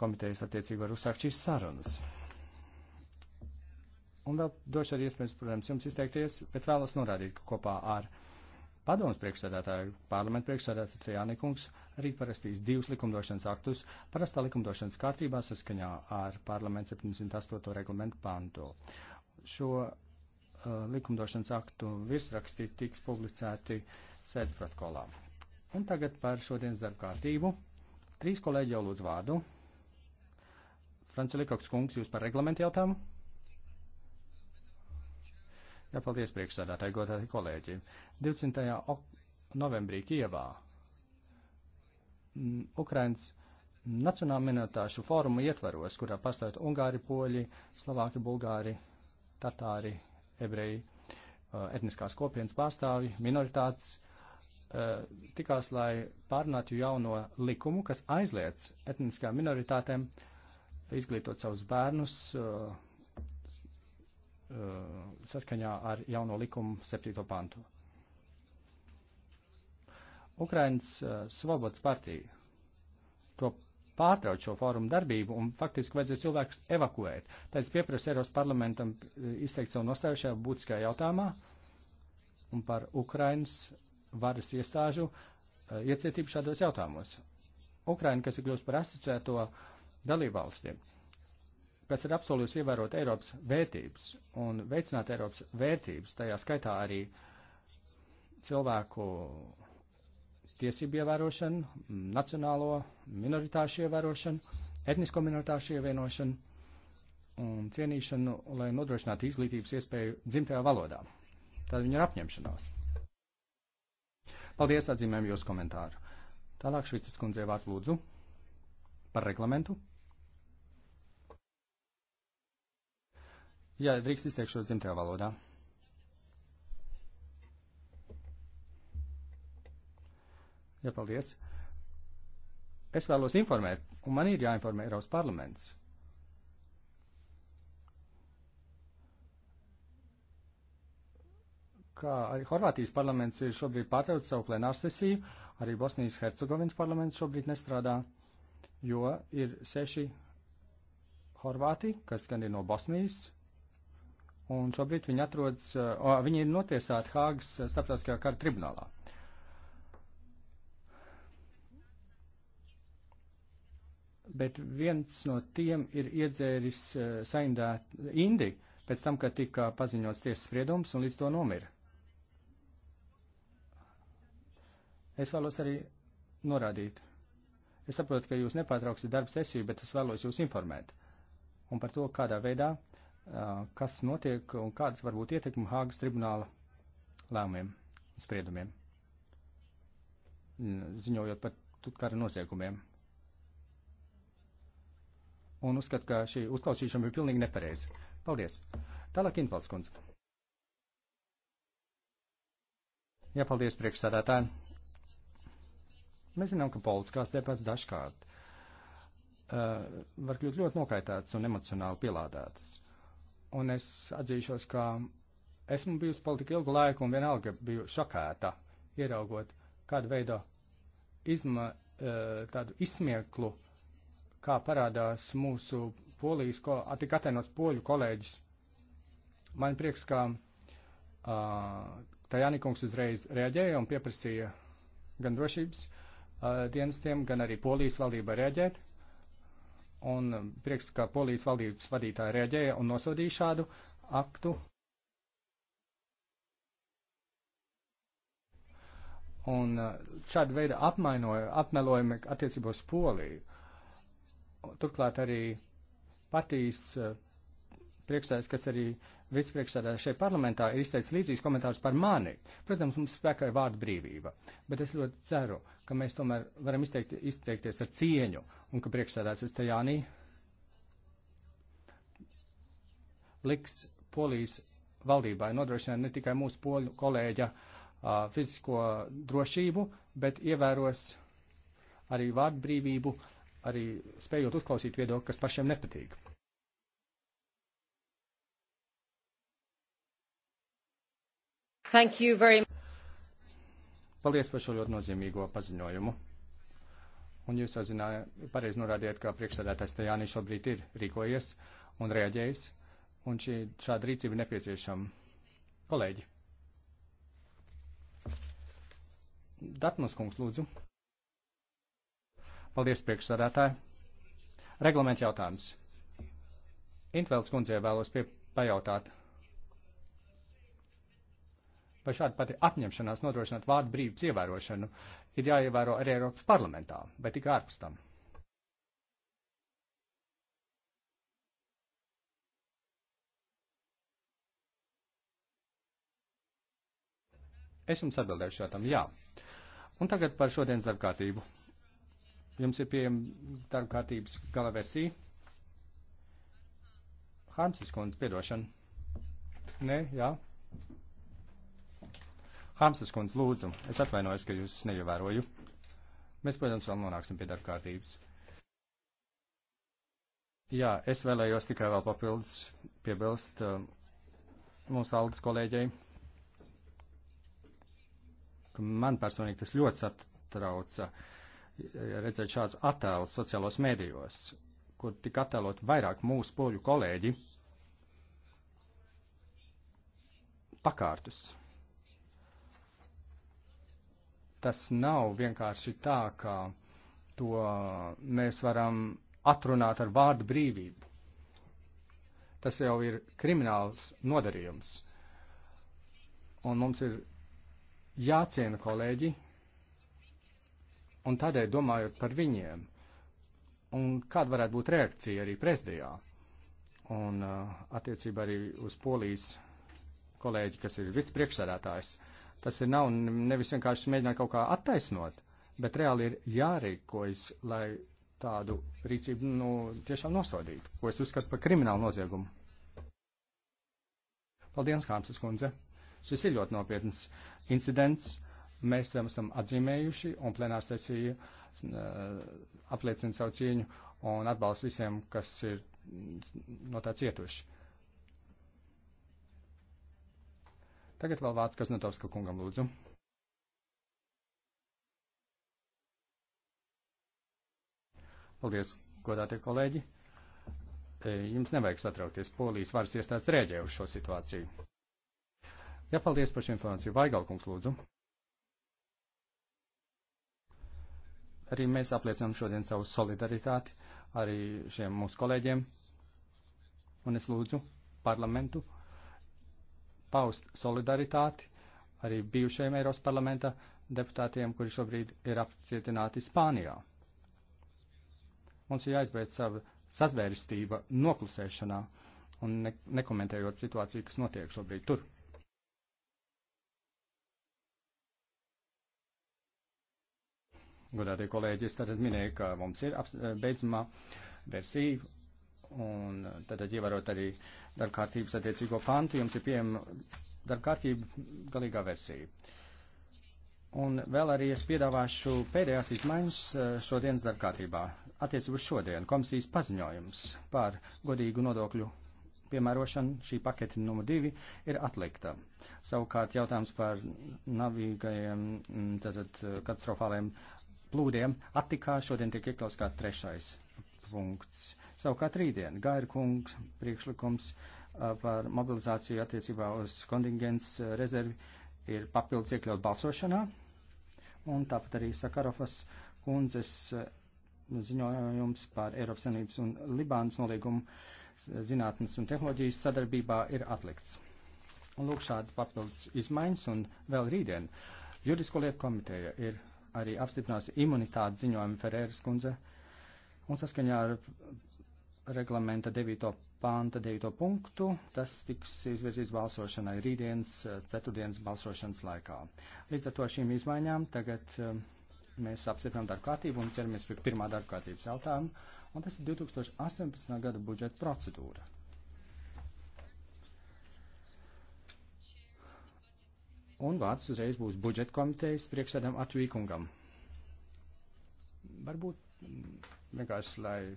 komitejas attiecīgi var uzsākt šīs sarunas. Un vēl došu arī iespējas, protams, jums izteikties, bet vēlos norādīt, ka kopā ar padomus priekšsēdētāju parlamentu priekšsēdētāju Jānikungs arī parastīs divus likumdošanas aktus parastā likumdošanas kārtībā saskaņā ar parlamentu 78. reglamentu pantu. Šo uh, likumdošanas aktu virsrakstī tiks publicēti sēdz protokolā. Un tagad par šodienas darba kārtību. Trīs kolēģi jau lūdz vārdu. Francelikoks kungs, jūs par reglamentu jautājumu? Jā, paldies priekšsādātāji, godāti kolēģi. 20. Ok novembrī Kievā mm, Ukrainas Nacionāla minoritāšu fóruma ietvaros, kurā pastāv ungāri, poļi, slovāki, bulgāri, tatāri, ebreji, uh, etniskās kopienas pārstāvji, minoritātes Eh, tikās, lai pārnātu jauno likumu, kas aizliedz etniskām minoritātēm izglītot savus bērnus eh, eh, saskaņā ar jauno likumu 7. pantu. Ukrainas Svobodas partija to pārtrauc šo fórumu darbību un faktiski vajadzēja cilvēkus evakuēt. Tāpēc pieprasa Eiropas parlamentam izteikt savu nostāju šajā būtiskajā jautājumā un par Ukrainas varas iestāžu eh, iecietību šādos jautājumos. Ukraina, kas ir kļūst par asociēto dalībvalsti, kas ir apsolījusi ievērot Eiropas vērtības un veicināt Eiropas vērtības, tajā skaitā arī cilvēku tiesību ievērošanu, nacionālo minoritāšu ievērošanu, etnisko minoritāšu ievienošanu un cienīšanu, lai nodrošinātu izglītības iespēju dzimtajā valodā. Tad viņa ir apņemšanās. Paldies, atzīmēm jūsu komentāru. Tālāk Švicas kundzei vārds lūdzu par reglamentu. Jā, drīkst izteikšos dzimtajā valodā. Jā, paldies. Es vēlos informēt, un man ir jāinformē Eiropas parlaments ka arī Horvātijas parlaments ir šobrīd pārtraucis savu plenārsesiju, arī Bosnijas Hercegovinas parlaments šobrīd nestrādā, jo ir seši Horvāti, kas gan ir no Bosnijas, un šobrīd viņi atrodas, o, viņi ir notiesāti Hāgas starptautiskajā kara tribunālā. Bet viens no tiem ir iedzēris eh, saindēt Indi pēc tam, kad tika paziņots tiesas spriedums un līdz to nomira. Es vēlos arī norādīt. Es saprotu, ka jūs nepārtrauksiet darba sesiju, bet es vēlos jūs informēt. Un par to, kādā veidā, kas notiek un kādas var būt ietekmi Hāgas tribunāla lēmumiem un spriedumiem. Ziņojot par tutkara noziegumiem. Un uzskatu, ka šī uzklausīšana bija pilnīgi nepareiza. Paldies! Tālāk Invalds kundze. Jā, paldies priekšsādātāji. Mēs zinām, ka politiskās debats dažkārt uh, var kļūt ļoti nokaitētas un emocionāli pielādētas. Un es atzīšos, ka esmu bijusi politika ilgu laiku un vienalga biju šokēta, ieraugot kādu veidu izma, uh, tādu izsmieklu, kā parādās mūsu polijas, ko tik atainos poļu kolēģis. Man prieks, ka uh, Tajānikungs uzreiz reaģēja un pieprasīja gan drošības uh, Uh, dienestiem, gan arī polijas valdība reaģēt. Un um, prieks, ka polijas valdības vadītāja reaģēja un nosodīja šādu aktu. Un uh, šāda veida apmelojumi attiecībos poliju. Turklāt arī patīs uh, priekšsēdētājs, kas arī vicepriekšsēdētājs šeit parlamentā, ir izteicis līdzīgs komentārs par mani. Protams, mums spēkā ir vārda brīvība, bet es ļoti ceru, ka mēs tomēr varam izteikt, izteikties ar cieņu un ka priekšsēdētājs Tajānī liks polijas valdībai nodrošināt ne tikai mūsu poļu kolēģa uh, fizisko drošību, bet ievēros arī vārdu brīvību, arī spējot uzklausīt viedokli, kas pašiem nepatīk. Thank you very much. Paldies par šo ļoti nozīmīgo paziņojumu. Un jūs jau zinājāt, pareizi norādījāt, ka priekšsēdētājs Tajāni šobrīd ir rīkojies un reaģējis, un šī, šāda rīcība ir nepieciešama. Kolēģi. Datmas kungs, lūdzu. Paldies, priekšsādātāji. Reglamenta jautājums. Intvēls kundzei vēlos pie, pajautāt, Par šādu pati apņemšanās nodrošināt vārdu brīvības ievērošanu ir jāievēro arī Eiropas parlamentā, bet tik ārpus tam. Es jums atbildēšu šādam jā. Un tagad par šodienas darbkārtību. Jums ir pieejama darbkārtības gala versija. Harmsis kundze, piedošana. Nē, jā. Hamsas kundze, lūdzu, es atvainojos, ka jūs neievēroju. Mēs, protams, vēl nonāksim pie darba kārtības. Jā, es vēlējos tikai vēl papildus piebilst uh, mūsu algas kolēģei, ka man personīgi tas ļoti satrauca redzēt šāds attēls sociālos mēdījos, kur tik attēlot vairāk mūsu poļu kolēģi pakārtus. Tas nav vienkārši tā, ka to mēs varam atrunāt ar vārdu brīvību. Tas jau ir krimināls nodarījums. Un mums ir jāciena kolēģi, un tādēļ domājot par viņiem, un kāda varētu būt reakcija arī prezidijā, un uh, attiecībā arī uz polijas kolēģi, kas ir vicepriekšsēdētājs. Uh, Tas ir nav nevis vienkārši mēģināt kaut kā attaisnot, bet reāli ir jārīkojas, lai tādu rīcību nu, tiešām nosodītu, ko es uzskatu par kriminālu noziegumu. Paldies, Hārmsas kundze! Šis ir ļoti nopietns incidents. Mēs tam esam atzīmējuši, un plenāra sesija uh, apliecina savu cieņu un atbalstu visiem, kas ir mm, no tā cietuši. Tagad vēl vārds Kaznatovska kungam lūdzu. Paldies, godātie kolēģi. E, jums nevajag satraukties, polijas varas iestādes rēģē uz šo situāciju. Jā, paldies par šo informāciju. Vaigalkungs, lūdzu. Arī mēs apliecinām šodien savu solidaritāti arī šiem mūsu kolēģiem. Un es lūdzu parlamentu paust solidaritāti arī bijušajiem Eiropas parlamenta deputātiem, kuri šobrīd ir apcietināti Spānijā. Mums ir jāizbeidz sava sazvērstība noklusēšanā un ne nekomentējot situāciju, kas notiek šobrīd tur. Godātie kolēģi, es tad minēju, ka mums ir eh, beidzamā versija Un tad ievarot arī darbkārtības attiecīgo pantu, jums ir pieejama darbkārtība galīgā versija. Un vēl arī es piedāvāšu pēdējās izmaiņas eh, šodienas darbkārtībā. Attiecībā uz šodien komisijas paziņojums par godīgu nodokļu piemērošana šī paketa numur divi ir atlikta. Savukārt jautājums par navīgajiem, mm, tātad eh, katastrofāliem plūdiem Atikā šodien tiek iekļauts kā trešais punkts. Savukārt rītdien Gaira kungs priekšlikums par mobilizāciju attiecībā uz kontingents rezervi ir papildus iekļaut balsošanā. Un tāpat arī Sakarofas kundzes ziņojums par Eiropas Savienības un Libānas nolīgumu zinātnes un tehnoloģijas sadarbībā ir atlikts. Un lūk šādi papildus izmaiņas un vēl rītdien. Juridisko lietu komiteja ir arī apstiprinājusi imunitāti ziņojumu Ferēras kundze Un saskaņā ar reglamenta 9. panta 9. punktu tas tiks izvirzīts balsošanai rītdienas, eh, ceturtdienas balsošanas laikā. Līdz ar to šīm izmaiņām tagad eh, mēs apstiprinām darba kārtību un ķeramies pie pirmā darba kārtības jautājuma, un tas ir 2018. gada budžeta procedūra. Un vārds uzreiz būs budžeta komitejas priekšsēdam Atvīkungam. Varbūt mm, vienkārši, lai